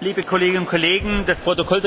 liebe kolleginnen und kollegen das protokoll